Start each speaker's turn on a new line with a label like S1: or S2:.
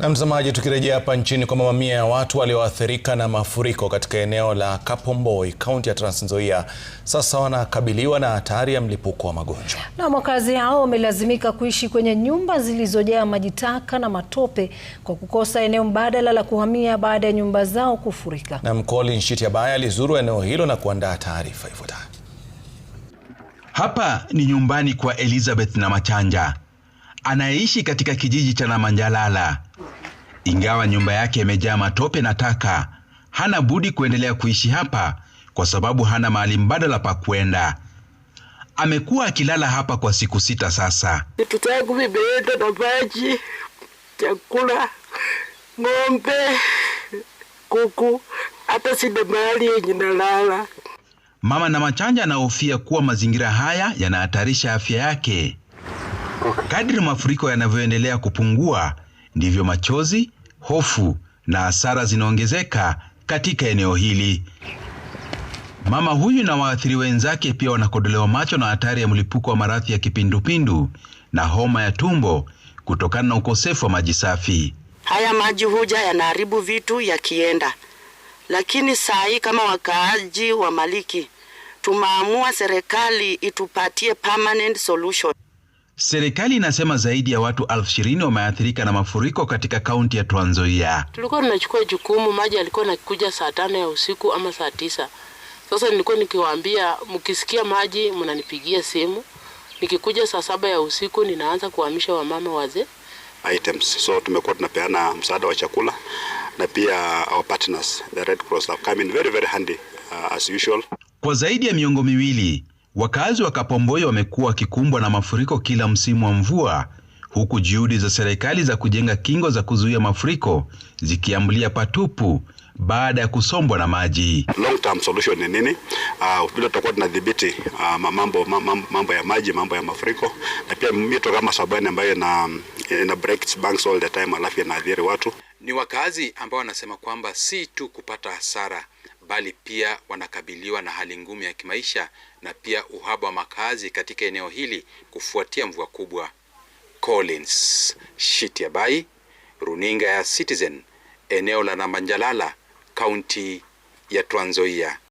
S1: Na mtazamaji, tukirejea hapa nchini kwamba mamia ya watu walioathirika na mafuriko katika eneo la Kapomboi, kaunti ya Trans Nzoia sasa wanakabiliwa na hatari ya mlipuko wa magonjwa.
S2: Na wakazi hao wamelazimika kuishi kwenye nyumba zilizojaa maji taka na matope kwa kukosa eneo mbadala la kuhamia baada ya nyumba zao kufurika.
S1: Na Colin Shitiabaya alizuru eneo hilo na kuandaa taarifa ifuatayo.
S3: Hapa ni nyumbani kwa Elizabeth Namachanja anayeishi katika kijiji cha Namanjalala. Ingawa nyumba yake imejaa matope na taka, hana budi kuendelea kuishi hapa kwa sababu hana mahali mbadala pa kwenda. Amekuwa akilala hapa kwa siku sita sasa.
S4: Vitu vyangu vimeenda na maji, chakula, ng'ombe, kuku, hata sina mahali yenye nalala.
S3: Mama na Machanja anahofia kuwa mazingira haya yanahatarisha afya yake. Kadri mafuriko yanavyoendelea kupungua ndivyo machozi, hofu na hasara zinaongezeka katika eneo hili. Mama huyu na waathiri wenzake pia wanakodolewa macho na hatari ya mlipuko wa maradhi ya kipindupindu na homa ya tumbo kutokana na ukosefu wa maji safi.
S5: Haya maji huja yanaharibu vitu yakienda, lakini saa hii kama wakaaji wa Maliki tumeamua serikali itupatie permanent solution.
S3: Serikali inasema zaidi ya watu elfu ishirini wameathirika na mafuriko katika kaunti ya Trans Nzoia.
S6: Tulikuwa tunachukua jukumu, maji alikuwa nakuja saa tano ya usiku ama saa tisa. Sasa nilikuwa nikiwaambia, mkisikia maji mnanipigia simu, nikikuja saa saba ya usiku ninaanza kuhamisha wamama wazee
S7: items. So tumekuwa tunapeana msaada wa chakula na pia our partners the Red Cross have come in very very handy, uh, as usual.
S3: Kwa zaidi ya miongo miwili Wakazi wa Kapomboi wamekuwa wakikumbwa na mafuriko kila msimu wa mvua, huku juhudi za serikali za kujenga kingo za kuzuia mafuriko zikiambulia patupu baada ya kusombwa na maji.
S7: Long term solution ni nini? Uh, tutakuwa tunadhibiti uh, mambo, mambo ya maji, mambo ya mafuriko na pia mito kama Sabani ambayo ina, ina breaks banks all the time alafu inaathiri watu.
S8: Ni wakazi ambao wanasema kwamba si tu kupata hasara bali pia wanakabiliwa na hali ngumu ya kimaisha na pia uhaba wa makazi katika eneo hili kufuatia mvua kubwa. Collins Shitiabai, runinga ya Citizen, eneo la Namanjalala, kaunti ya Trans Nzoia.